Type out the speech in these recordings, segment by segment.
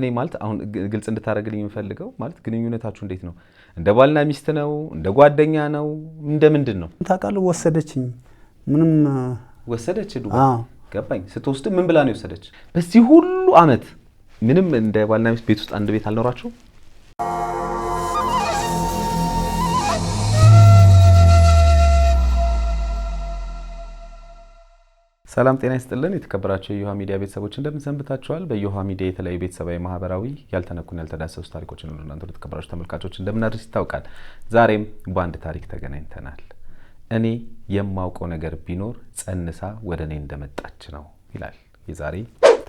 እኔ ማለት አሁን ግልጽ እንድታደርግልኝ የምፈልገው ማለት ግንኙነታችሁ እንዴት ነው? እንደ ባልና ሚስት ነው? እንደ ጓደኛ ነው? እንደ ምንድን ነው? ታውቃለህ፣ ወሰደችኝ። ምንም ወሰደች፣ ገባኝ። ስትወስድ ምን ብላ ነው የወሰደች? በዚህ ሁሉ አመት ምንም እንደ ባልና ሚስት ቤት ውስጥ አንድ ቤት አልኖራቸው? ሰላም ጤና ይስጥልን የተከበራቸው የእዮሃ ሚዲያ ቤተሰቦች እንደምን ሰንብታችኋል? በእዮሃ ሚዲያ የተለያዩ ቤተሰባዊ፣ ማህበራዊ ያልተነኩን ያልተዳሰሱ ታሪኮችን ወደ እናንተ የተከበራችሁ ተመልካቾች እንደምናደርስ ይታወቃል። ዛሬም በአንድ ታሪክ ተገናኝተናል። እኔ የማውቀው ነገር ቢኖር ፀንሳ ወደ እኔ እንደመጣች ነው ይላል የዛሬ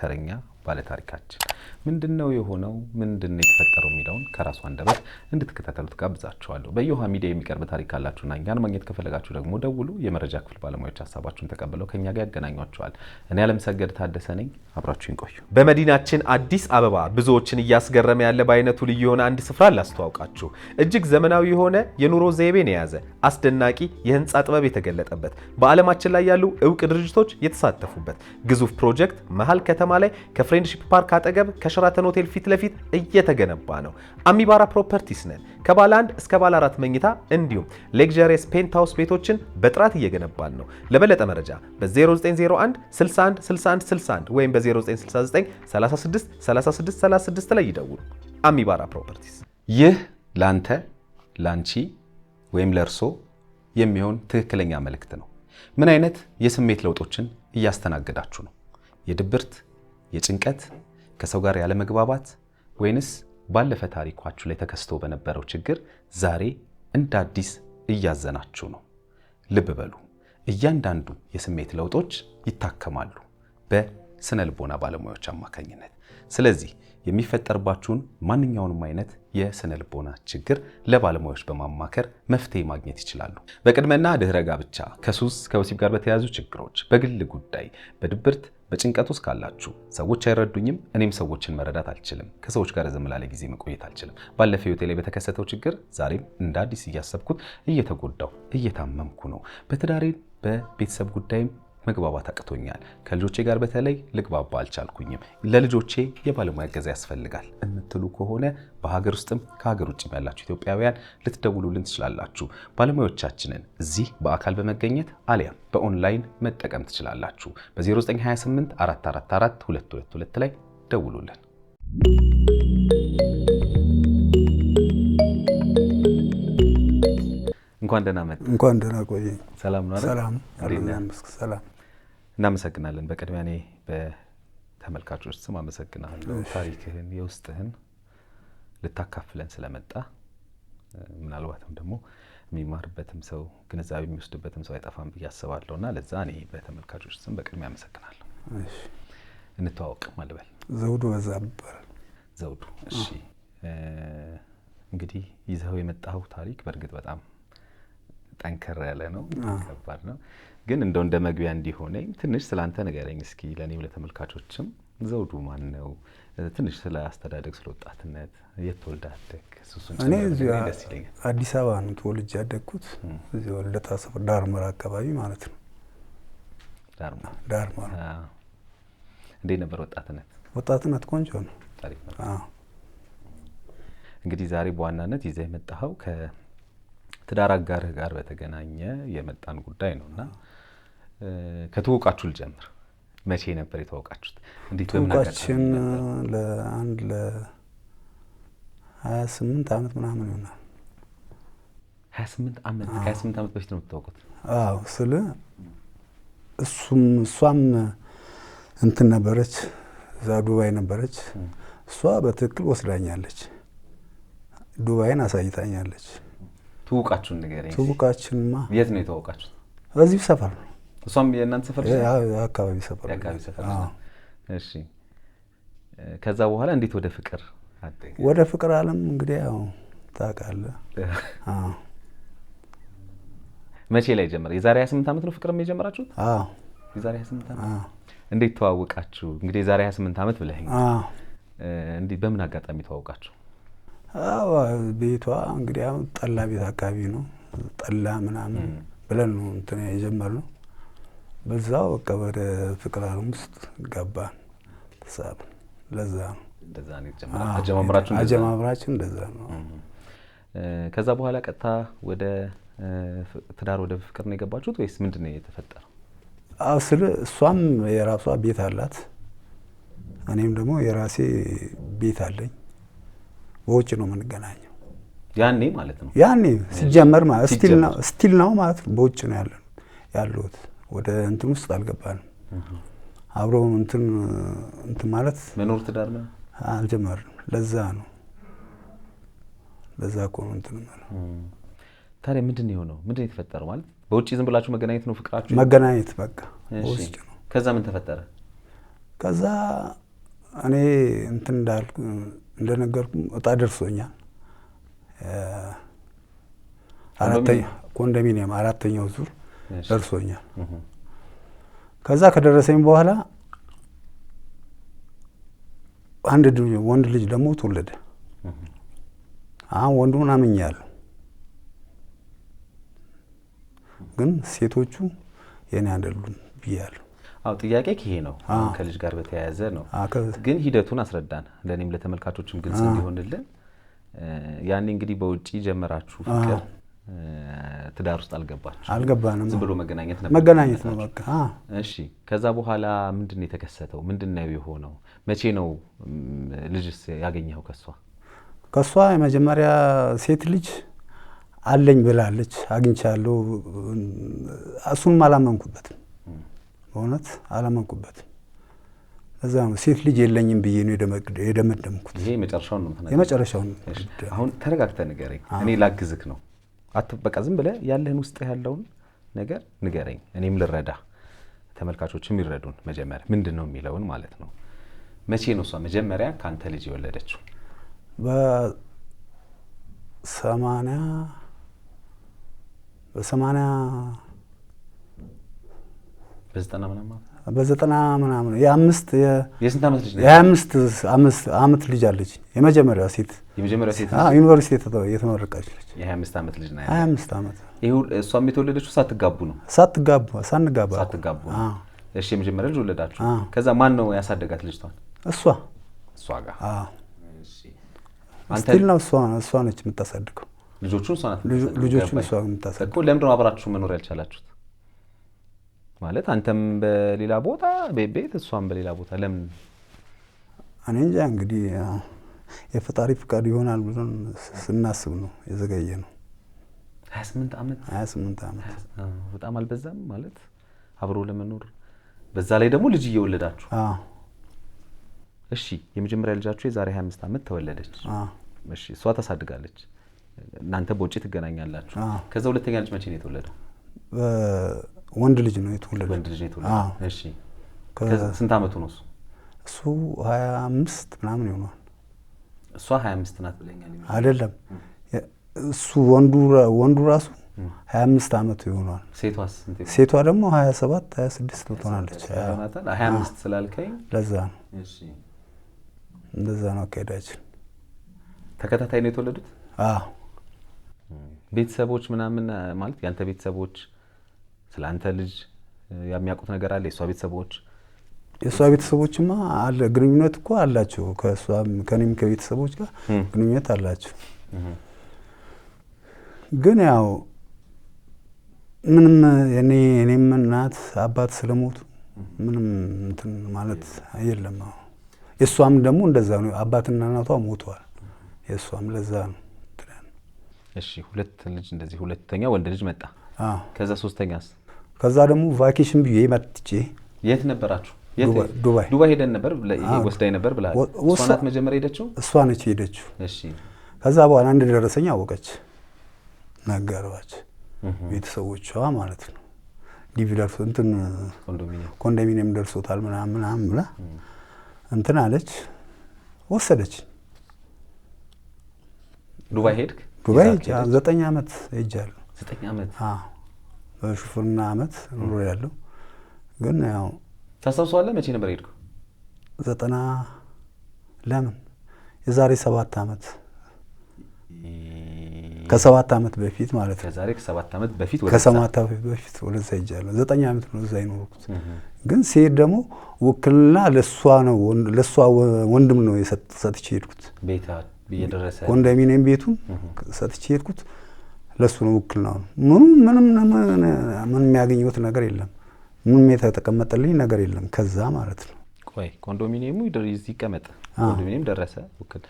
ተረኛ ባለታሪካችን። ምንድን ነው የሆነው፣ ምንድን ነው የተፈጠረው የሚለውን ከራሱ አንደበት እንድትከታተሉት ጋብዛችኋለሁ። በእዮሃ ሚዲያ የሚቀርብ ታሪክ ካላችሁና እኛን ማግኘት ከፈለጋችሁ ደግሞ ደውሉ። የመረጃ ክፍል ባለሙያዎች ሀሳባችሁን ተቀብለው ከኛ ጋር ያገናኟቸዋል። እኔ አለምሰገድ ታደሰ ነኝ። አብራችሁን ቆዩ። በመዲናችን አዲስ አበባ ብዙዎችን እያስገረመ ያለ በአይነቱ ልዩ የሆነ አንድ ስፍራ ላስተዋውቃችሁ። እጅግ ዘመናዊ የሆነ የኑሮ ዘይቤን የያዘ አስደናቂ የህንፃ ጥበብ የተገለጠበት በዓለማችን ላይ ያሉ እውቅ ድርጅቶች የተሳተፉበት ግዙፍ ፕሮጀክት መሀል ከተማ ላይ ከፍሬንድሺፕ ፓርክ አጠገብ ከሸራተን ሆቴል ፊት ለፊት እየተገነባ ነው። አሚባራ ፕሮፐርቲስ ነን። ከባለ አንድ እስከ ባለ አራት መኝታ እንዲሁም ሌግዠሪየስ ፔንትሃውስ ቤቶችን በጥራት እየገነባን ነው። ለበለጠ መረጃ በ0901 61 61 61 ወይም በ0969 36 36 36 ላይ ይደውሉ። አሚባራ ፕሮፐርቲስ። ይህ ላንተ ላንቺ ወይም ለእርሶ የሚሆን ትክክለኛ መልእክት ነው። ምን አይነት የስሜት ለውጦችን እያስተናገዳችሁ ነው? የድብርት፣ የጭንቀት ከሰው ጋር ያለመግባባት ወይንስ ባለፈ ታሪኳችሁ ላይ ተከስቶ በነበረው ችግር ዛሬ እንደ አዲስ እያዘናችሁ ነው? ልብ በሉ፣ እያንዳንዱ የስሜት ለውጦች ይታከማሉ በስነ ልቦና ባለሙያዎች አማካኝነት። ስለዚህ የሚፈጠርባችሁን ማንኛውንም አይነት የስነ ልቦና ችግር ለባለሙያዎች በማማከር መፍትሄ ማግኘት ይችላሉ። በቅድመና ድህረ ጋብቻ፣ ከሱስ ከወሲብ ጋር በተያያዙ ችግሮች፣ በግል ጉዳይ፣ በድብርት በጭንቀት ውስጥ ካላችሁ ሰዎች አይረዱኝም፣ እኔም ሰዎችን መረዳት አልችልም፣ ከሰዎች ጋር ዝም ላለ ጊዜ መቆየት አልችልም፣ ባለፈው ህይወቴ ላይ በተከሰተው ችግር ዛሬም እንደ አዲስ እያሰብኩት እየተጎዳው እየታመምኩ ነው፣ በትዳሬ በቤተሰብ ጉዳይም መግባባት አቅቶኛል። ከልጆቼ ጋር በተለይ ልግባባ አልቻልኩኝም። ለልጆቼ የባለሙያ እገዛ ያስፈልጋል የምትሉ ከሆነ በሀገር ውስጥም ከሀገር ውጭም ያላችሁ ኢትዮጵያውያን ልትደውሉልን ትችላላችሁ። ባለሙያዎቻችንን እዚህ በአካል በመገኘት አሊያም በኦንላይን መጠቀም ትችላላችሁ። በ0928 444 222 ላይ ደውሉልን። እንኳን ደህና መጣ። እንኳን ደህና ቆየ። ሰላም ነው። ሰላም ሰላም። እናመሰግናለን። በቅድሚያ እኔ በተመልካቾች ስም አመሰግናለሁ። ታሪክህን የውስጥህን ልታካፍለን ስለመጣ ምናልባትም ደግሞ የሚማርበትም ሰው ግንዛቤ የሚወስድበትም ሰው አይጠፋም ብዬ አስባለሁ እና ለዛ እኔ በተመልካቾች ስም በቅድሚያ አመሰግናለሁ። እንተዋወቅ ማልበል ዘውዱ በዛ ነበር ዘውዱ እሺ። እንግዲህ ይዘኸው የመጣኸው ታሪክ በእርግጥ በጣም ጠንከር ያለ ነው፣ ከባድ ነው። ግን እንደው እንደ መግቢያ እንዲሆነኝ ትንሽ ስለ አንተ ንገረኝ እስኪ ለእኔም ለተመልካቾችም። ዘውዱ ማን ነው? ትንሽ ስለ አስተዳደግ፣ ስለ ወጣትነት፣ የት ተወልደህ አደግ? እኔ አዲስ አበባ ነው ተወልጄ ያደግኩት፣ እዚ ወልደታ ሰፈር ዳርመራ አካባቢ ማለት ነው። ዳርማ እንዴት ነበር ወጣትነት? ወጣትነት ቆንጆ ነው። እንግዲህ ዛሬ በዋናነት ይዘህ የመጣኸው ከትዳር አጋርህ ጋር በተገናኘ የመጣን ጉዳይ ነው እና ከተዋወቃችሁ ልጀምር። መቼ ነበር የተዋወቃችሁት? እንዴት ተዋወቃችን? ለአንድ ለሀያ ስምንት ዓመት ምናምን ይሆናል። ሀያ ስምንት ዓመት ከሀያ ስምንት ዓመት በፊት ነው የምትታወቁት? አዎ ስል እሱም እሷም እንትን ነበረች እዛ ዱባይ ነበረች። እሷ በትክክል ወስዳኛለች፣ ዱባይን አሳይታኛለች። ትውቃችሁን ንገረኝ። ትውቃችንማ የት ነው የተዋወቃችሁት? እዚሁ ሰፈር ነው። እሷም የእናንተ ሰፈር አካባቢ ሰፈር ሰፈር። እሺ ከዛ በኋላ እንዴት ወደ ፍቅር አደገ? ወደ ፍቅር አለም እንግዲህ ያው ታውቃለህ። መቼ ላይ ጀመረ? የዛሬ 28 ዓመት ነው ፍቅር የጀመራችሁት? አዎ የዛሬ 28 ዓመት። እንዴት ተዋወቃችሁ? እንግዲህ የዛሬ 28 ዓመት ብለኸኝ፣ እንዲህ በምን አጋጣሚ ተዋወቃችሁ? አዎ ቤቷ እንግዲህ አሁን ጠላ ቤት አካባቢ ነው። ጠላ ምናምን ብለን ነው እንትን የጀመርነው። በዛው በቃ ወደ ፍቅር ዓለም ውስጥ ገባን ተሳብ ለዛ ነው አጀማምራችን እንደዛ ነው። ከዛ በኋላ ቀጥታ ወደ ትዳር ወደ ፍቅር ነው የገባችሁት ወይስ ምንድን ነው የተፈጠረው? ስለ እሷም የራሷ ቤት አላት፣ እኔም ደግሞ የራሴ ቤት አለኝ። በውጭ ነው የምንገናኘው። ያኔ ማለት ነው ያኔ ሲጀመር ስቲል ነው ማለት ነው። በውጭ ነው ያለን ያሉት ወደ እንትን ውስጥ አልገባንም። አብሮ እንትን እንትን ማለት መኖር ትዳር ነው አልጀመርንም። ለዛ ነው ለዛ እኮ ነው እንትን ማለት ታዲያ ምንድን ነው የሆነው? ምንድን ነው የተፈጠረው? ማለት በውጭ ዝም ብላችሁ መገናኘት ነው ፍቅራችሁ? መገናኘት በቃ ውስጥ ነው። ከዛ ምን ተፈጠረ? ከዛ እኔ እንትን እንዳልኩ እንደነገርኩም እጣ ደርሶኛል። ኮንዶሚኒየም አራተኛው ዙር ደርሶኛል። ከዛ ከደረሰኝ በኋላ አንድ ወንድ ልጅ ደግሞ ተወለደ። አሁን ወንዱን አምኛለሁ፣ ግን ሴቶቹ የኔ አይደሉም ብያለሁ። አዎ ጥያቄ ይሄ ነው። ከልጅ ጋር በተያያዘ ነው፣ ግን ሂደቱን አስረዳን ለእኔም ለተመልካቾችም ግልጽ እንዲሆንልን። ያኔ እንግዲህ በውጭ ጀመራችሁ ፍቅር፣ ትዳር ውስጥ አልገባችሁ? አልገባንም። ዝም ብሎ መገናኘት ነበር፣ መገናኘት ነው በቃ። እሺ፣ ከዛ በኋላ ምንድን ነው የተከሰተው? ምንድን ነው የሆነው? መቼ ነው ልጅስ ያገኘኸው? ከሷ ከሷ የመጀመሪያ ሴት ልጅ አለኝ ብላለች፣ አግኝቻለሁ። እሱንም አላመንኩበትም በእውነት አላመንኩበት። እዛ ነው ሴት ልጅ የለኝም ብዬ ነው የደመደምኩት። ይሄ የመጨረሻውን ነው የመጨረሻውን። አሁን ተረጋግተህ ንገረኝ፣ እኔ ላግዝክ ነው። በቃ ዝም ብለህ ያለህን ውስጥ ያለውን ነገር ንገረኝ፣ እኔም ልረዳ፣ ተመልካቾችም ይረዱን። መጀመሪያ ምንድን ነው የሚለውን ማለት ነው። መቼ ነው እሷ መጀመሪያ ከአንተ ልጅ የወለደችው? በሰማንያ በሰማንያ በዘጠና ምናምን በዘጠና ምናምን የአምስት የስንት ዓመት ልጅ የአምስት አምስት ዓመት ልጅ አለች። የመጀመሪያ ሴት የመጀመሪያ ሴት ዩኒቨርሲቲ የተመረቀች ልጅ የሀያ አምስት ዓመት ልጅ ነው። ሀያ አምስት ዓመት እሷም የተወለደችው ሳትጋቡ ነው። ሳትጋቡ ሳንጋባ ሳትጋቡ። እሺ የመጀመሪያ ልጅ ወለዳችሁ። ከዛ ማን ነው ያሳደጋት ልጅቷን? እሷ እሷ ጋር ስቲል ነው። እሷ ነች የምታሳድገው ልጆቹን። እሷ ናት ልጆቹን እሷ የምታሳድገው። አብራችሁ መኖር ያልቻላችሁት? ማለት አንተም በሌላ ቦታ ቤት እሷም በሌላ ቦታ ለምን? እኔ እንጃ እንግዲህ የፈጣሪ ፍቃድ ይሆናል ብለን ስናስብ ነው የዘገየ ነው። ሀያ ስምንት ዓመት ሀያ ስምንት ዓመት በጣም አልበዛም? ማለት አብሮ ለመኖር በዛ ላይ ደግሞ ልጅ እየወለዳችሁ። እሺ የመጀመሪያ ልጃችሁ የዛሬ ሀያ አምስት ዓመት ተወለደች። እሺ እሷ ታሳድጋለች፣ እናንተ በውጭ ትገናኛላችሁ። ከዛ ሁለተኛ ልጅ መቼ ነው የተወለደው? ወንድ ልጅ ነው የተወለደው። ወንድ ልጅ እሺ ስንት አመቱ ነው እሱ? እሱ ሀያ አምስት ምናምን ይሆናል። እሷ ሀያ አምስት ናት ብለኛል። አይደለም እሱ ወንዱ ወንዱ ራሱ ሀያ አምስት አመቱ ይሆናል። ሴቷስ? ሴቷ ደግሞ ሀያ ሰባት ሀያ ስድስት ትሆናለች። ሀያ አምስት ስላልከኝ ለዛ ነው እንደዛ ነው አካሄዳችን። ተከታታይ ነው የተወለዱት ቤተሰቦች ምናምን ማለት ያንተ ቤተሰቦች ስለ አንተ ልጅ የሚያውቁት ነገር አለ? የእሷ ቤተሰቦች የእሷ ቤተሰቦችማ አለ ግንኙነት እኮ አላቸው። ከእሷም ከኔም ከቤተሰቦች ጋር ግንኙነት አላቸው። ግን ያው ምንም የኔ እኔም እናት አባት ስለሞቱ ምንም እንትን ማለት የለም። የእሷም ደግሞ እንደዛ ነው። አባትና እናቷ ሞተዋል። የእሷም ለዛ ነው። እሺ፣ ሁለት ልጅ እንደዚህ ሁለተኛ ወንድ ልጅ መጣ። ከዛ ሶስተኛስ ከዛ ደግሞ ቫኬሽን ብዬ መጥቼ የት ነበራችሁ? ዱባይ ዱባይ ሄደን ነበር ወስዳኝ ነበር ብላ እሷ ናት መጀመሪያ ሄደችው። እሷ ነች ሄደችው። ከዛ በኋላ አንድ ደረሰኝ አወቀች፣ ነገሯች ቤተሰቦቿ ማለት ነው። ዲቪ ደርሶ እንትን ኮንዶሚኒየም ደርሶታል ምናምን ምናምን ብላ እንትን አለች፣ ወሰደች። ዱባይ ሄድክ? ዱባይ ዘጠኝ ዓመት ሄጃለሁ። ዘጠኝ ዓመት በሹፍርና አመት ኑሮ ያለው ግን ያው ታስታውሰዋለህ? መቼ ነበር ሄድኩ? ዘጠና ለምን የዛሬ ሰባት አመት ከሰባት አመት በፊት ማለት ነው። ከሰባት ዓመት በፊት ከሰባት አመት በፊት ወደዛ ሄጃለሁ። ዘጠኝ አመት ነው እዛ የኖርኩት። ግን ሲሄድ ደግሞ ውክልና ለእሷ ነው ለእሷ ወንድም ነው ሰጥቼ ሄድኩት። ኮንዶሚኒየም ቤቱን ሰጥቼ ሄድኩት። ለእሱ ነው ውክልና ነው። ምንም ምንም የሚያገኘሁት ነገር የለም። ምንም የተቀመጠልኝ ነገር የለም ከዛ ማለት ነው። ቆይ ኮንዶሚኒየሙ እዚህ ይቀመጥ፣ ኮንዶሚኒየም ደረሰ ውክል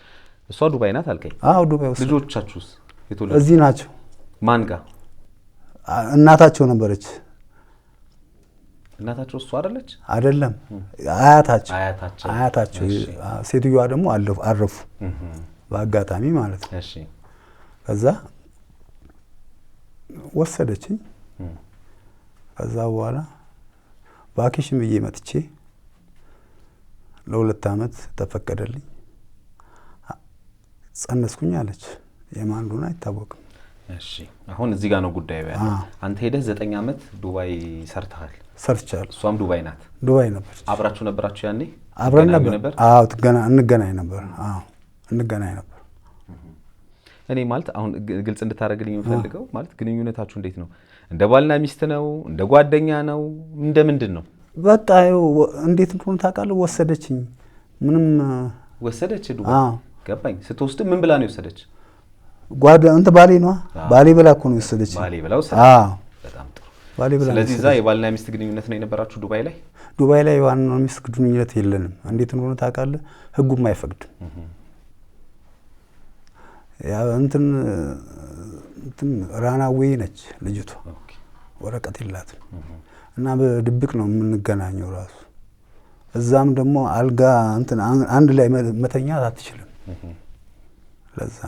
እሷ ዱባይ ናት አልከኝ? አዎ ዱባይ ውስጥ። ልጆቻችሁስ የተወለዱ እዚህ ናቸው? ማን ጋር? እናታቸው ነበረች። እናታቸው እሱ አይደለች? አይደለም፣ አያታቸው አያታቸው። ሴትዮዋ ደግሞ አረፉ በአጋጣሚ ማለት ነው። ከዛ ወሰደችኝ። ከዛ በኋላ ቫኬሽን ብዬ መጥቼ ለሁለት ዓመት ተፈቀደልኝ። ጸነስኩኝ አለች። የማን እንደሆነ አይታወቅም። እሺ አሁን እዚህ ጋር ነው ጉዳይ። በያ አንተ ሄደህ ዘጠኝ ዓመት ዱባይ ሰርተሃል? ሰርቻለሁ። እሷም ዱባይ ናት። ዱባይ ነበር። አብራችሁ ነበራችሁ? ያኔ አብረን ነበር። አዎ እንገናኝ ነበር። አዎ እንገናኝ ነበር እኔ ማለት አሁን ግልጽ እንድታደርግልኝ የምፈልገው ማለት ግንኙነታችሁ እንዴት ነው? እንደ ባልና ሚስት ነው? እንደ ጓደኛ ነው? እንደ ምንድን ነው? በቃ እንዴት እንደሆነ ታውቃለህ? ወሰደችኝ። ምንም ወሰደች። ዱባይ ገባኝ። ስትወስድ ምን ብላ ነው የወሰደች? ጓደ እንትን ባሌ ነዋ። ባሌ ብላ እኮ ነው የወሰደች። ባሌ ብላ ወሰደች። በጣም ጥሩ። ብላ። ስለዚህ እዛ የባልና ሚስት ግንኙነት ነው የነበራችሁ ዱባይ ላይ? ዱባይ ላይ የባልና ሚስት ግንኙነት የለንም። እንዴት እንደሆነ ታውቃለህ? ህጉም አይፈቅድም እንትን ራናዌ ነች ልጅቷ፣ ወረቀት የላትም እና በድብቅ ነው የምንገናኘው። ራሱ እዛም ደግሞ አልጋ እንትን አንድ ላይ መተኛት አትችልም። ለዛ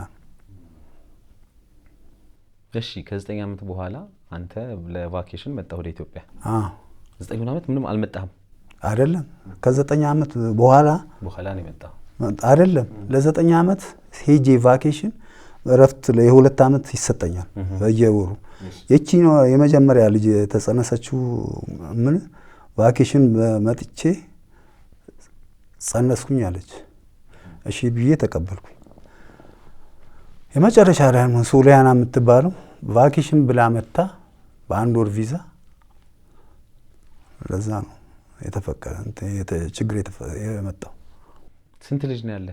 እሺ ከዘጠኝ ዓመት በኋላ አንተ ለቫኬሽን መጣ ወደ ኢትዮጵያ። ዘጠኝ ዓመት ምንም አልመጣህም አይደለም። ከዘጠኝ ዓመት በኋላ በኋላ ነው የመጣው አይደለም። ለዘጠኝ ዓመት ሄጄ ቫኬሽን እረፍት የሁለት ዓመት ይሰጠኛል በየወሩ። ይቺ የመጀመሪያ ልጅ የተጸነሰችው ምን ቫኬሽን መጥቼ ጸነስኩኝ አለች። እሺ ብዬ ተቀበልኩኝ። የመጨረሻ ላይ ሱሊያና የምትባለው ቫኬሽን ብላ መታ በአንድ ወር ቪዛ። ለዛ ነው የተፈቀደ ችግር የመጣው። ስንት ልጅ ነው ያለ?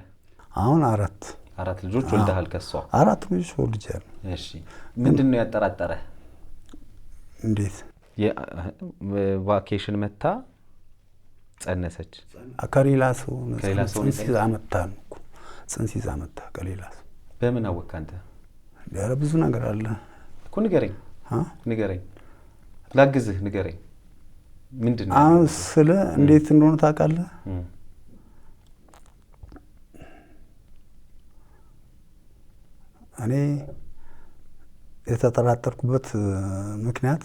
አሁን አራት አራት ልጆች ወልደሃል? ከሷ አራት ልጆች ወልጃለሁ። እሺ፣ ምንድን ነው ያጠራጠረ? እንዴት ቫኬሽን መታ ጸነሰች? ከሌላ ሰው ጽንስ ይዛ መታ ነው። ጽንስ ይዛ መታ ከሌላ ሰው። በምን አወቅህ አንተ? ኧረ ብዙ ነገር አለ እኮ ንገረኝ፣ ንገረኝ፣ ላግዝህ፣ ንገረኝ። ምንድን ነው ስለ እንዴት እንደሆነ ታውቃለህ? እኔ የተጠራጠርኩበት ምክንያት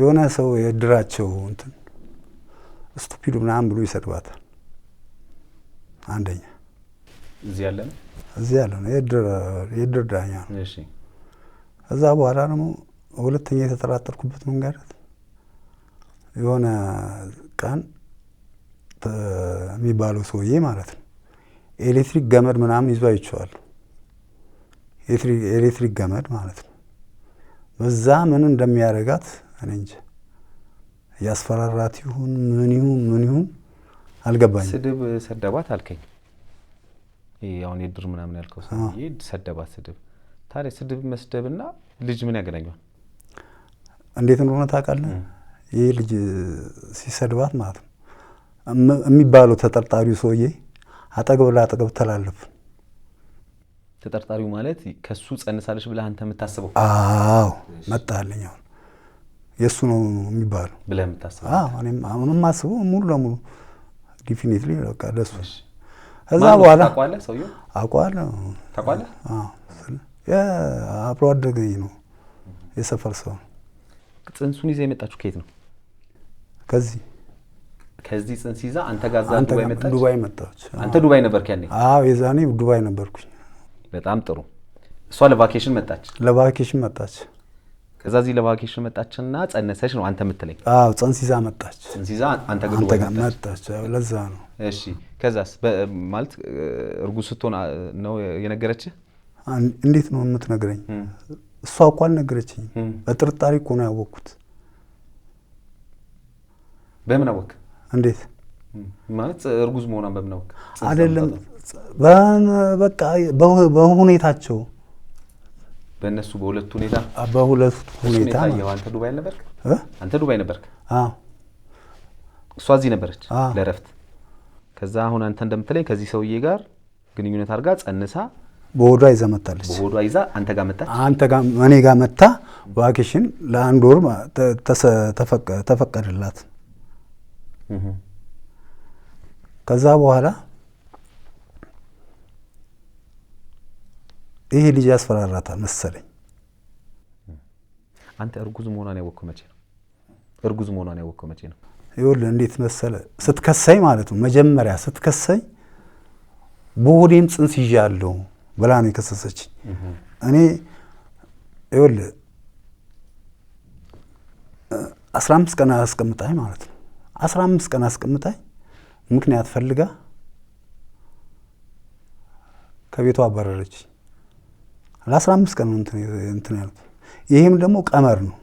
የሆነ ሰው የእድራቸው እንትን ስቱፒድ ምናምን ብሎ ይሰድባታል። አንደኛ እዚህ ያለ ነው እዚህ ያለ ነው የእድር ዳኛ ነው። እዛ በኋላ ደግሞ ሁለተኛ የተጠራጠርኩበት መንገድ የሆነ ቀን የሚባለው ሰውዬ ማለት ነው ኤሌክትሪክ ገመድ ምናምን ይዞ አይቼዋለሁ። ኤሌክትሪክ ገመድ ማለት ነው። በዛ ምን እንደሚያደርጋት እኔ እንጂ ያስፈራራት ይሁን ምን ይሁን ምን ይሁን አልገባኝ። ስድብ ሰደባት አልከኝ። አሁን የድር ምናምን ያልከው ሰደባት ስድብ። ታዲያ ስድብ መስደብና ልጅ ምን ያገናኘዋል? እንዴት እንደሆነ ታውቃለህ? ይህ ልጅ ሲሰድባት ማለት ነው የሚባለው ተጠርጣሪው ሰውዬ አጠገብ ለአጠገብ ተላለፍ ተጠርጣሪው ማለት ከሱ ጸንሳለች ብለህ አንተ የምታስበው? አዎ መጣልኝ። አሁን የእሱ ነው የሚባሉ ብለህ የምታስበው? የማስበው ሙሉ ለሙሉ ዲፊኒትሊ በቃ ለሱ። ከዛ በኋላ አውቀዋለሁ። አብሮ አደገኝ ነው የሰፈር ሰው። ነው። ጽንሱን ይዘህ የመጣችሁ ከየት ነው? ከዚህ ከዚህ ጽንስ ይዛ አንተ ጋዛ ዱባይ መጣች። አንተ ዱባይ ነበርክ ያኔ? አዎ የዛኔ ዱባይ ነበርኩኝ። በጣም ጥሩ። እሷ ለቫኬሽን መጣች ለቫኬሽን መጣች። ከዛ እዚህ ለቫኬሽን መጣችና ጸነሰች ነው አንተ የምትለኝ? አዎ መጣች። ጽንስ አንተ መጣች። ለዛ ነው። እሺ ከዛስ ማለት እርጉዝ ስትሆን ነው የነገረችህ? እንዴት ነው የምትነግረኝ? እሷ እኮ አልነገረችኝም። በጥርጣሬ እኮ ነው ያወቅኩት። በምን አወቅ? እንዴት ማለት እርጉዝ መሆኗን በምን አወቅ? አይደለም በቃ በሁኔታቸው በእነሱ በሁለቱ ሁኔታ በሁለቱ ሁኔታ አንተ ዱባይ ነበርክ፣ አንተ ዱባይ ነበርክ፣ እሷ እዚህ ነበረች ለእረፍት። ከዛ አሁን አንተ እንደምትለኝ ከዚህ ሰውዬ ጋር ግንኙነት አድርጋ ጸንሳ በሆዷ ይዛ መጣለች። በሆዷ ይዛ አንተ ጋር መጣች። አንተ ጋር እኔ ጋር መጣ። ዋኬሽን ለአንድ ወር ተፈቀደላት። ከዛ በኋላ ይሄ ልጅ ያስፈራራታል መሰለኝ። አንተ እርጉዝ መሆኗን ያወቅከው መቼ ነው? እርጉዝ መሆኗን ያወቅከው መቼ ነው? ይኸውልህ እንዴት መሰለ ስትከሰኝ ማለት ነው። መጀመሪያ ስትከሳኝ በሆዴም ጽንስ ይዣለሁ ብላ ነው የከሰሰችኝ። እኔ ይኸውልህ አስራ አምስት ቀን አስቀምጣኝ ማለት ነው። አስራ አምስት ቀን አስቀምጣኝ ምክንያት ፈልጋ ከቤቷ አባረረችኝ። ለአስራ አምስት ቀን ነው እንትን ያሉት። ይህም ደግሞ ቀመር ነው፣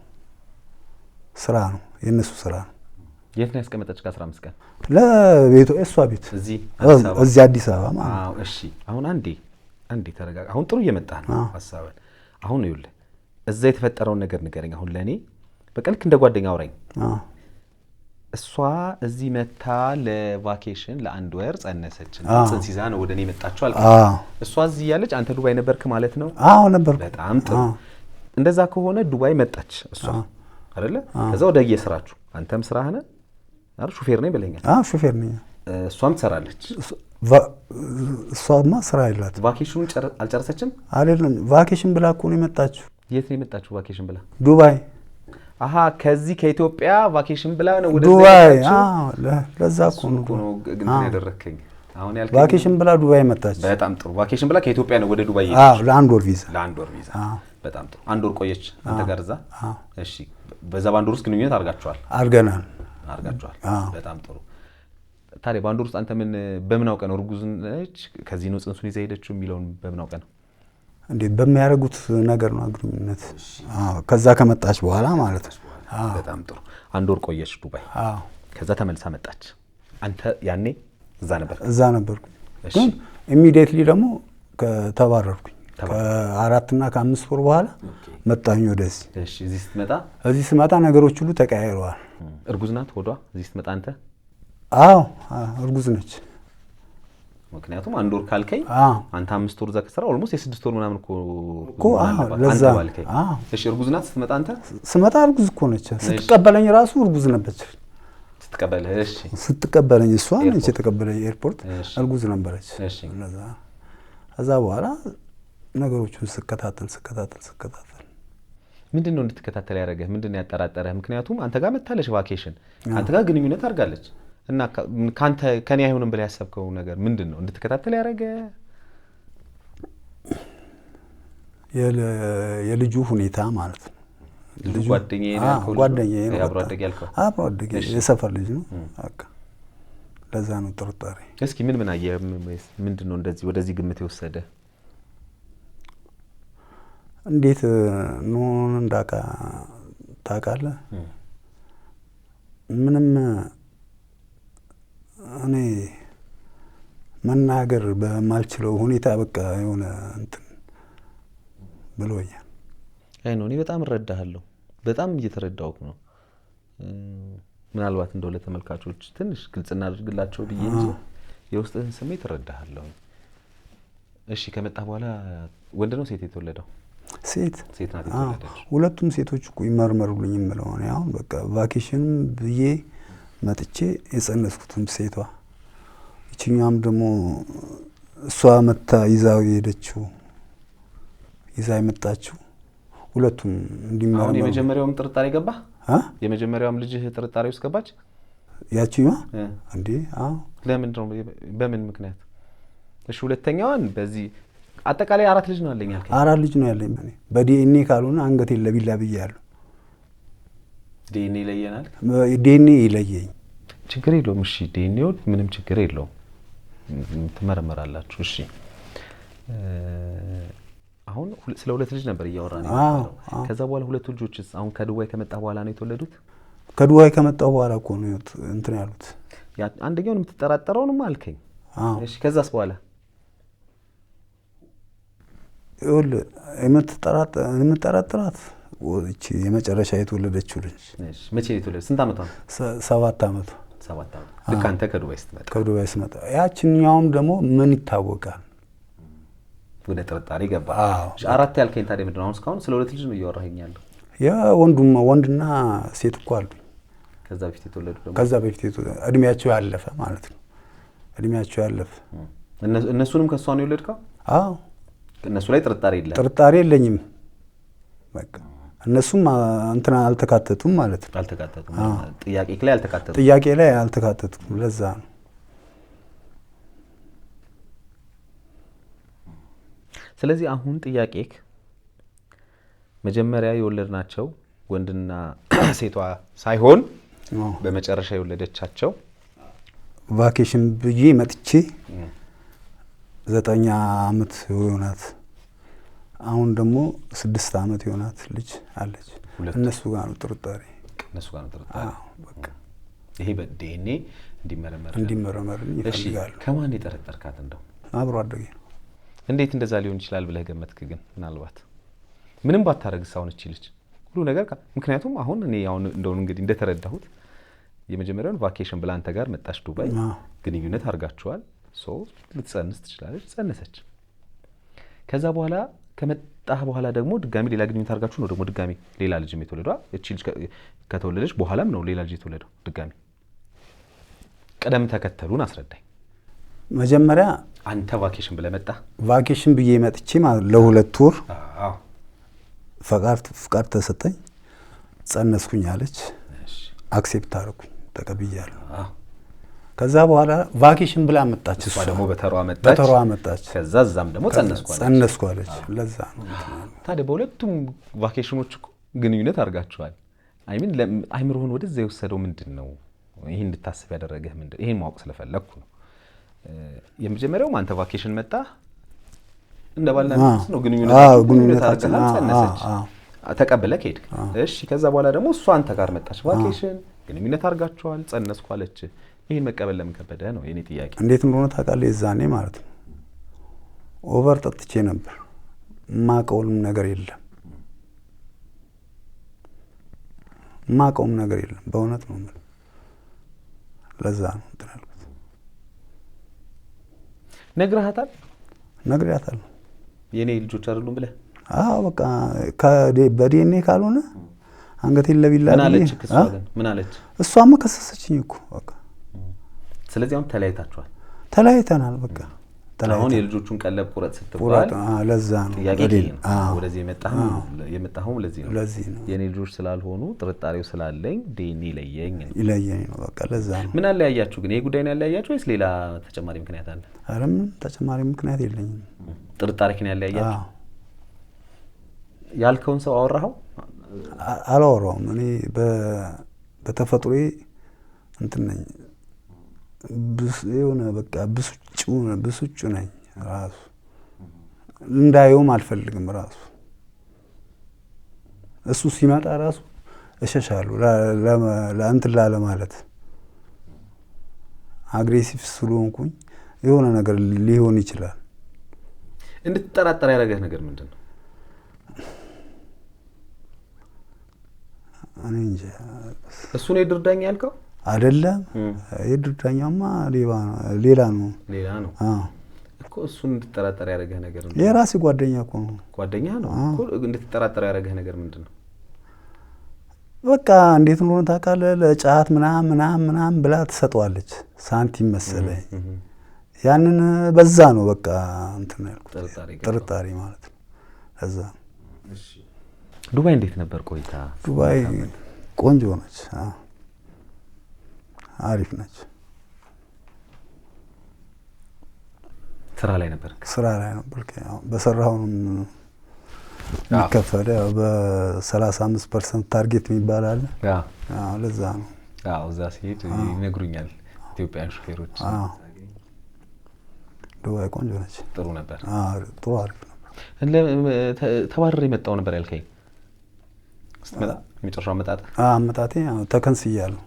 ስራ ነው፣ የእነሱ ስራ ነው። የት ነው ያስቀመጠች? ከአስራ አምስት ቀን ለቤቷ እሷ ቤት እዚህ አዲስ አበባ ማለት እሺ። አሁን አንዴ አንዴ ተረጋጋ። አሁን ጥሩ እየመጣ ነው ሀሳብን። አሁን ይኸውልህ እዛ የተፈጠረውን ነገር ንገረኝ። አሁን ለእኔ በቃ ልክ እንደ ጓደኛ አውራኝ እሷ እዚህ መታ ለቫኬሽን ለአንድ ወር ጸነሰች። ጽንስ ይዛ ነው ወደ እኔ መጣችሁ አልኩ። እሷ እዚህ ያለች አንተ ዱባይ ነበርክ ማለት ነው? አዎ ነበር። በጣም ጥሩ። እንደዛ ከሆነ ዱባይ መጣች እሷ አይደለ? ከዛ ወደ የስራችሁ አንተም ስራ ነ ሹፌር ነኝ ብለኛል። ሹፌር ነኝ። እሷም ትሰራለች። እሷማ ስራ የላት። ቫኬሽኑን አልጨረሰችም። አይደለም ቫኬሽን ብላ እኮ ነው የመጣችሁ። የት ነው የመጣችሁ ቫኬሽን ብላ? ዱባይ አሀ ከዚህ ከኢትዮጵያ ቫኬሽን ብላ ነው ወደ ዱባይ። አዎ ለዛ እኮ ነው ግን ያደረከኝ። አሁን ያልከኝ ቫኬሽን ብላ ዱባይ መጣች። በጣም ጥሩ። ቫኬሽን ብላ ከኢትዮጵያ ነው ወደ ዱባይ የሄደች። አዎ ለአንድ ወር ቪዛ፣ ለአንድ ወር ቪዛ። በጣም ጥሩ። አንድ ወር ቆየች አንተ ጋር እዛ። እሺ፣ በዛ በአንድ ወር ውስጥ ግንኙነት አድርጋችኋል? አድርገናል፣ አድርጋችኋል። በጣም ጥሩ። ታዲያ በአንድ ወር ውስጥ አንተ ምን በምን አውቀ ነው እርጉዝ ነች ከዚህ ነው ጽንሱን ይዘ ሄደችው የሚለውን በምን አውቀ ነው እንዴት በሚያደርጉት ነገር ነው ግንኙነት። ከዛ ከመጣች በኋላ ማለት ነው። በጣም ጥሩ። አንድ ወር ቆየች ዱባይ። ከዛ ተመልሳ መጣች። አንተ ያኔ እዛ ነበር? እዛ ነበርኩ። ግን ኢሚዲየትሊ ደግሞ ከተባረርኩኝ ከአራትና ከአምስት ወር በኋላ መጣኝ ወደዚህ። እዚህ ስትመጣ እዚህ ስመጣ ነገሮች ሁሉ ተቀያይረዋል። እርጉዝ ናት ወዷ እዚህ ስትመጣ አንተ? አዎ እርጉዝ ነች። ምክንያቱም አንድ ወር ካልከኝ አንተ አምስት ወር እዛ ከሰራ ኦልሞስት የስድስት ወር ምናምን እኮ ለዛ ባልከኝ። እሺ እርጉዝ ናት ስትመጣ አንተ? ስመጣ እርጉዝ እኮ ነች። ስትቀበለኝ ራሱ እርጉዝ ነበች። ስትቀበለኝ እሷ ነች የተቀበለኝ ኤርፖርት፣ እርጉዝ ነበረች። ከዛ በኋላ ነገሮቹን ስከታተል ስከታተል ስከታተል ምንድን ነው እንድትከታተል ያደረገህ? ምንድን ነው ያጠራጠረህ? ምክንያቱም አንተ ጋር መታለች ቫኬሽን፣ አንተ ጋር ግንኙነት አድርጋለች እና ከአንተ ከኔ አይሆንም ብለህ ያሰብከው ነገር ምንድን ነው? እንድትከታተል ያደረገ የልጁ ሁኔታ ማለት ነው። ጓደኛዬ አብሮ አደጌ የሰፈር ልጅ ነው። ለዛ ነው ጥርጣሬ። እስኪ ምን ምን አየ? ምንድን ነው እንደዚህ ወደዚህ ግምት የወሰደ? እንዴት ኑን እንዳቃ ታውቃለህ ምንም እኔ መናገር በማልችለው ሁኔታ በቃ የሆነ እንትን ብሎኛል። አይ ነው እኔ በጣም እረዳሃለሁ። በጣም እየተረዳሁህ ነው። ምናልባት እንደው ለተመልካቾች ትንሽ ግልጽ እናደርግላቸው ብዬ እንጂ የውስጥህን ስሜት እረዳሃለሁ። እሺ ከመጣ በኋላ ወንድ ነው ሴት የተወለደው? ሴት ሴት ናት ሁለቱም ሴቶች እኮ ይመርመሩልኝ የምለው አሁን በቃ ቫኬሽንም ብዬ መጥቼ የጸነስኩትም ሴቷ ይችኛም ደግሞ እሷ መታ ይዛው የሄደችው ይዛ የመጣችው ሁለቱም እንዲመረመሩ። አሁን የመጀመሪያውም ጥርጣሬ ገባ። የመጀመሪያውም ልጅህ ጥርጣሬ ውስጥ ገባች። ያችኛ እንዴ? አዎ። ነው በምን ምክንያት? እሺ፣ ሁለተኛዋን በዚህ አጠቃላይ አራት ልጅ ነው ያለኝ። አራት ልጅ ነው ያለኝ። በዲኤንኤ ካልሆነ አንገቴን ለቢላ ያሉ ዲኤንኤ ይለየናል። ዲኤንኤ ይለየኝ ችግር የለውም። እሺ ዴኔው ምንም ችግር የለውም። ትመረመራላችሁ። እሺ አሁን ስለ ሁለት ልጅ ነበር እያወራን ነው። ከዛ በኋላ ሁለቱ ልጆችስ አሁን ከዱባይ ከመጣ በኋላ ነው የተወለዱት? ከዱባይ ከመጣ በኋላ እኮ ነው እንትን ያሉት። አንደኛውን የምትጠራጠረውንም አልከኝ። እሺ ከዛስ በኋላ ይኸውልህ የምትጠራጥራት እቺ የመጨረሻ የተወለደችው ልጅ መቼ የተወለደ? ስንት ዓመቷ? ሰባት ዓመቷ። ሰባት ዓመቷ ልክ አንተ ከዱባይ ስትመጣ ከዱባይ ስትመጣ። ያችኛውም ደግሞ ምን ይታወቃል ወደ ጥርጣሬ ገባ። አራት ያልከኝ ታዲያ ምንድን ነው? አሁን እስካሁን ስለ ሁለት ልጅ ነው እያወራኸኝ ያለው። የወንዱም ወንድና ሴት እኮ አሉኝ። ከዛ በፊት የተወለዱ ደግሞ ከዛ በፊት የተወለዱ እድሜያቸው ያለፈ ማለት ነው። እድሜያቸው ያለፈ እነሱንም ከእሷ ነው የወለድከው? አዎ። እነሱ ላይ ጥርጣሬ የለም? ጥርጣሬ የለኝም በቃ እነሱም እንትን አልተካተቱም ማለት ነው። አልተካተቱም ጥያቄ ላይ አልተካተቱም። ጥያቄ ላይ አልተካተቱም። ለዛ ነው ስለዚህ አሁን ጥያቄክ መጀመሪያ የወለድናቸው ወንድና ሴቷ ሳይሆን በመጨረሻ የወለደቻቸው ቫኬሽን ብዬ መጥቼ ዘጠኛ አመት ይሆናት አሁን ደግሞ ስድስት አመት የሆናት ልጅ አለች። እነሱ ጋር ነው ጥርጣሬ እነሱ ጋር ነው ጥርጣሬ። በቃ ይሄ በዲኤንኤ እንዲመረመር እንዲመረመር ይፈልጋሉ። ከማን የጠረጠርካት? እንደው አብሮ አደጌ ነው። እንዴት እንደዛ ሊሆን ይችላል ብለህ ገመትክ? ግን ምናልባት ምንም ባታረግ ሳሁን እቺ ልጅ ሁሉ ነገር ምክንያቱም አሁን እኔ አሁን እንደው እንግዲህ እንደተረዳሁት የመጀመሪያውን ቫኬሽን ብላ አንተ ጋር መጣች ዱባይ፣ ግንኙነት አድርጋችኋል። ልትጸንስ ትችላለች፣ ጸነሰች። ከዛ በኋላ ከመጣህ በኋላ ደግሞ ድጋሚ ሌላ ግንኙነት አድርጋችሁ ነው ደግሞ ድጋሚ ሌላ ልጅ የተወለደዋ። እቺ ልጅ ከተወለደች በኋላም ነው ሌላ ልጅ የተወለደው ድጋሚ። ቅደም ተከተሉን አስረዳኝ። መጀመሪያ አንተ ቫኬሽን ብለህ መጣ ቫኬሽን ብዬ መጥቼ ማለት ለሁለት ወር ፍቃድ ተሰጠኝ። ጸነስኩኝ አለች። አክሴፕት አደረኩኝ፣ ተቀብያለሁ። ከዛ በኋላ ቫኬሽን ብላ መጣች። እሷ ደግሞ በተሯ መጣች በተሯ መጣች። ከዛ እዛም ደግሞ ጸነስኳለች። ለዛ ነው ታዲያ በሁለቱም ቫኬሽኖች እኮ ግንኙነት አድርጋችኋል። አይሚን አይምሮህን ወደዛ የወሰደው ምንድን ነው? ይህ እንድታስብ ያደረገህ ምንድን ይህን ማወቅ ስለፈለግኩ ነው። የመጀመሪያውም አንተ ቫኬሽን መጣ እንደ ባልና ሚስት ነው ግንኙነት አድርገሃል። ጸነሰች፣ ተቀብለህ ከሄድክ እሺ። ከዛ በኋላ ደግሞ እሷ አንተ ጋር መጣች ቫኬሽን፣ ግንኙነት አድርጋችኋል፣ ጸነስኳለች ይህን መቀበል ለምን ከበደ ነው የኔ ጥያቄ። እንዴት እንደሆነ ታውቃለህ? የዛኔ ማለት ነው ኦቨር ጠጥቼ ነበር። ማቀውንም ነገር የለም ማቀውም ነገር የለም። በእውነት ነው ምን ለዛ ነው እንትን ያልኩት። ነግረሃታል? ነግሬያታል። የእኔ ልጆች አይደሉም ብለህ? አዎ በቃ በዲኤንኤ ካልሆነ አንገቴን ለቢላ ምን አለች? እሷማ ከሰሰችኝ እኮ በቃ ስለዚህ አሁን ተለያይታችኋል? ተለያይተናል። በቃ አሁን የልጆቹን ቀለብ ቁረጥ ስትባል ለዛ ነው ወደዚህ የመጣኸው። ለዚህ ነው ለዚህ ነው የእኔ ልጆች ስላልሆኑ ጥርጣሬው ስላለኝ ዴኒ ይለየኝ ይለየኝ ነው በቃ ለዛ ነው። ምን አለያያችሁ ግን? ይህ ጉዳይ ነው ያለያያችሁ ወይስ ሌላ ተጨማሪ ምክንያት አለ? ኧረ ምንም ተጨማሪ ምክንያት የለኝም። ጥርጣሬ ክን ያለያያችሁ ያልከውን ሰው አወራኸው? አላወራውም። እኔ በተፈጥሮ እንትን ነኝ የሆነ በቃ ብስጩ ነኝ ራሱ እንዳየውም አልፈልግም። ራሱ እሱ ሲመጣ ራሱ እሸሻሉ ለእንትን ላለማለት አግሬሲቭ ስለሆንኩኝ የሆነ ነገር ሊሆን ይችላል። እንድትጠራጠር ያደረገህ ነገር ምንድን ነው? እሱ ነው የድርዳኝ ያልከው አይደለም የድር ዳኛማ ሌላ ነው ሌላ ነው እኮ እሱን እንድጠራጠር ያደረገህ ነገር ነው። የራሴ ጓደኛ እኮ ነው ጓደኛ ነው እንድትጠራጠር ያደረገህ ነገር ምንድን ነው? በቃ እንዴት እንደሆነ ታውቃለህ። ለጫት ምናምን ምናምን ምናምን ብላ ትሰጠዋለች ሳንቲም መሰለኝ። ያንን በዛ ነው በቃ እንትን ያልኩት ጥርጣሬ ማለት ነው። ከዛ ዱባይ እንዴት ነበር ቆይታ? ዱባይ ቆንጆ ነች። አሪፍ ነች። ስራ ላይ ነበር ስራ ላይ ነበር። በሰራሁን የሚከፈለ በሰላሳ አምስት ፐርሰንት ታርጌት የሚባል አለ። ለዛ ነው እዛ ሲሄድ ይነግሩኛል ኢትዮጵያን ሹፌሮች። ዱባይ ቆንጆ ነች። ጥሩ ነበር፣ ጥሩ አሪፍ ነበር። ተባረር የመጣው ነበር ያልከኝ መጨረሻ አመጣጤ አመጣቴ ተከንስያለሁ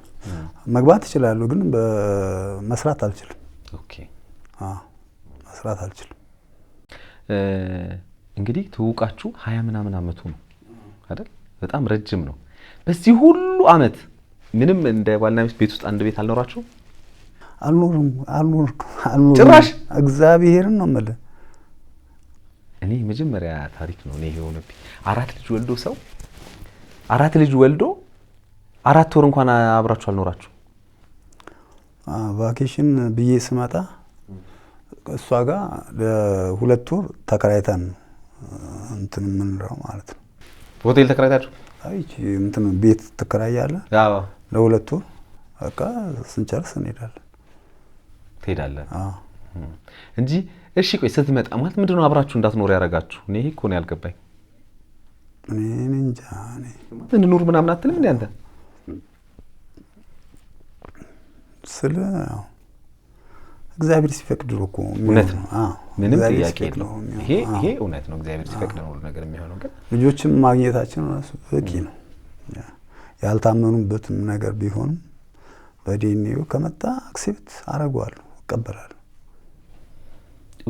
መግባት ይችላሉ፣ ግን መስራት አልችልም። ኦኬ መስራት አልችልም። እንግዲህ ትውቃችሁ ሀያ ምናምን አመቱ ነው አይደል? በጣም ረጅም ነው። በዚህ ሁሉ አመት ምንም እንደ ባልና ሚስት ቤት ውስጥ አንድ ቤት አልኖራችሁ? አልኖርም አልኖርኩም። ጭራሽ እግዚአብሔርን ነው የምልህ። እኔ መጀመሪያ ታሪክ ነው እኔ የሆነብኝ። አራት ልጅ ወልዶ ሰው አራት ልጅ ወልዶ አራት ወር እንኳን አብራችሁ አልኖራችሁ? ቫኬሽን ብዬ ስመጣ እሷ ጋር ለሁለት ወር ተከራይተን እንትን የምንለው ማለት ነው። ሆቴል ተከራይታችሁ? አይ እንትን ቤት ትከራያለህ ለሁለት ወር በቃ ስንጨርስ እንሄዳለን። ትሄዳለን እንጂ እሺ። ቆይ ስትመጣ ማለት ምንድን ነው አብራችሁ እንዳትኖር ያደርጋችሁ? እኔ እኮ ነው ያልገባኝ። እኔ እንጃ። እኔ እንኑር ምናምን አትልም እንደ አንተ ስለ እግዚአብሔር ሲፈቅድ ነው እኮ እውነት ነው። ምንም ጥያቄ ነው። ይሄ ይሄ እውነት ነው። እግዚአብሔር ሲፈቅድ ነው ሁሉ ነገር የሚሆነው። ግን ልጆችም ማግኘታችን ራሱ በቂ ነው። ያልታመኑበትም ነገር ቢሆንም በዲኤንኤው ከመጣ አክሴፕት አደርገዋለሁ፣ እቀበላለሁ።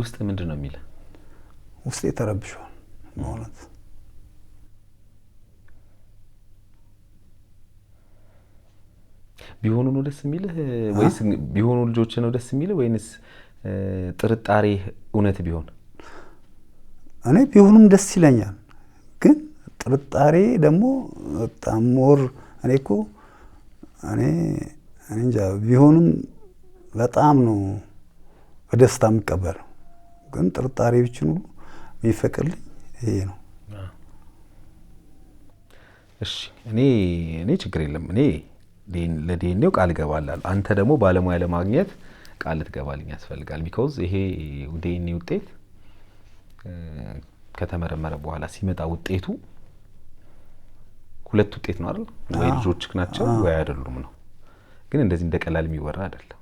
ውስጥ ምንድን ነው የሚለ ውስጤ ተረብሿል በእውነት ቢሆኑ ነው ደስ የሚልህ ወይስ ቢሆኑ ልጆች ነው ደስ የሚልህ ወይንስ ጥርጣሬ እውነት ቢሆን? እኔ ቢሆኑም ደስ ይለኛል፣ ግን ጥርጣሬ ደግሞ በጣም ሞር እኔ እኮ እኔ እንጃ ቢሆኑም በጣም ነው በደስታ የምቀበለው፣ ግን ብችን ሁሉ የሚፈቅድልኝ ይሄ ነው። እሺ እኔ እኔ ችግር የለም እኔ ለዲኤንኤው ቃል እገባላለሁ። አንተ ደግሞ ባለሙያ ለማግኘት ቃል ልትገባልኝ ያስፈልጋል። ቢኮዝ ይሄ ዲኤንኤ ውጤት ከተመረመረ በኋላ ሲመጣ ውጤቱ ሁለት ውጤት ነው አይደል? ወይ ልጆች ናቸው ወይ አይደሉም ነው። ግን እንደዚህ እንደ ቀላል የሚወራ አይደለም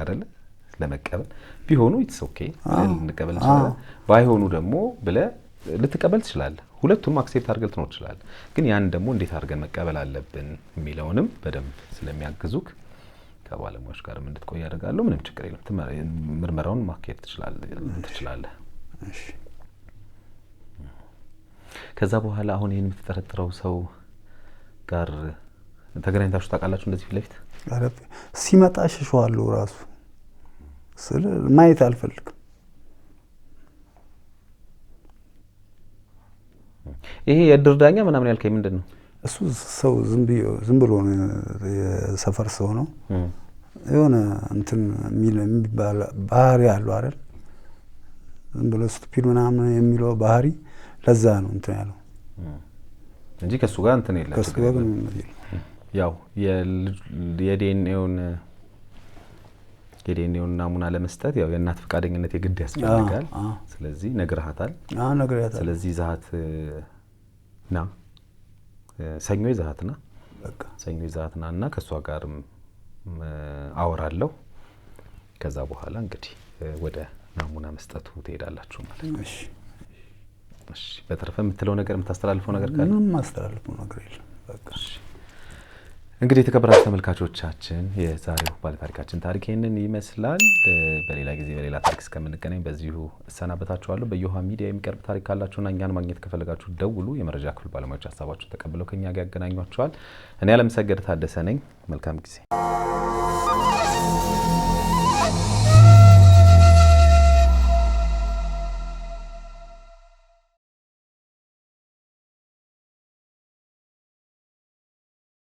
አይደለ? ለመቀበል ቢሆኑ ኢትስ ኦኬ ልንቀበል እንችላለን። ባይሆኑ ደግሞ ብለህ ልትቀበል ትችላለህ። ሁለቱም አክሴፕት አድርገህ ልትኖር ይችላል። ግን ያን ደግሞ እንዴት አድርገን መቀበል አለብን የሚለውንም በደንብ ስለሚያግዙክ ከባለሙያዎች ጋርም እንድትቆይ ያደርጋለሁ። ምንም ችግር የለም። ምርመራውን ማካሄድ ትችላለህ። ከዛ በኋላ አሁን ይህን የምትጠረጥረው ሰው ጋር ተገናኝታችሁ ታውቃላችሁ? እንደዚህ ፊት ለፊት ሲመጣ ሽሸዋለሁ ራሱ ስል ማየት አልፈልግም ይሄ የእድር ዳኛ ምናምን ያልከኝ ምንድን ነው? እሱ ሰው ዝም ብሎ የሰፈር ሰው ነው። የሆነ እንትን የሚባል ባህሪ አለው አይደል? ዝም ብሎ ስቱፒድ ምናምን የሚለው ባህሪ ለዛ ነው እንትን ያለው እንጂ ከእሱ ጋር እንትን የለም። ያው የዲኤንኤውን የዲኤንኤውን ናሙና ለመስጠት ያው የእናት ፈቃደኝነት የግድ ያስፈልጋል። ስለዚህ ነግርሃታል። ስለዚህ ዛሀት ና፣ ሰኞ ዛሀት ና፣ ሰኞ ዛሀት ና እና ከእሷ ጋር አወራለሁ። ከዛ በኋላ እንግዲህ ወደ ናሙና መስጠቱ ትሄዳላችሁ ማለት ነው። በተረፈ የምትለው ነገር የምታስተላልፈው ነገር ካለ? ምንም የማስተላልፈው ነገር የለም። በቃ እንግዲህ የተከበራችሁ ተመልካቾቻችን የዛሬው ባለታሪካችን ታሪክ ይህንን ይመስላል። በሌላ ጊዜ በሌላ ታሪክ እስከምንገናኝ በዚሁ እሰናበታችኋለሁ። በእዮሃ ሚዲያ የሚቀርብ ታሪክ ካላችሁና እኛን ማግኘት ከፈለጋችሁ ደውሉ። የመረጃ ክፍል ባለሙያዎች ሀሳባችሁ ተቀብለው ከኛ ጋር ያገናኟቸዋል። እኔ አለምሰገድ ታደሰ ነኝ። መልካም ጊዜ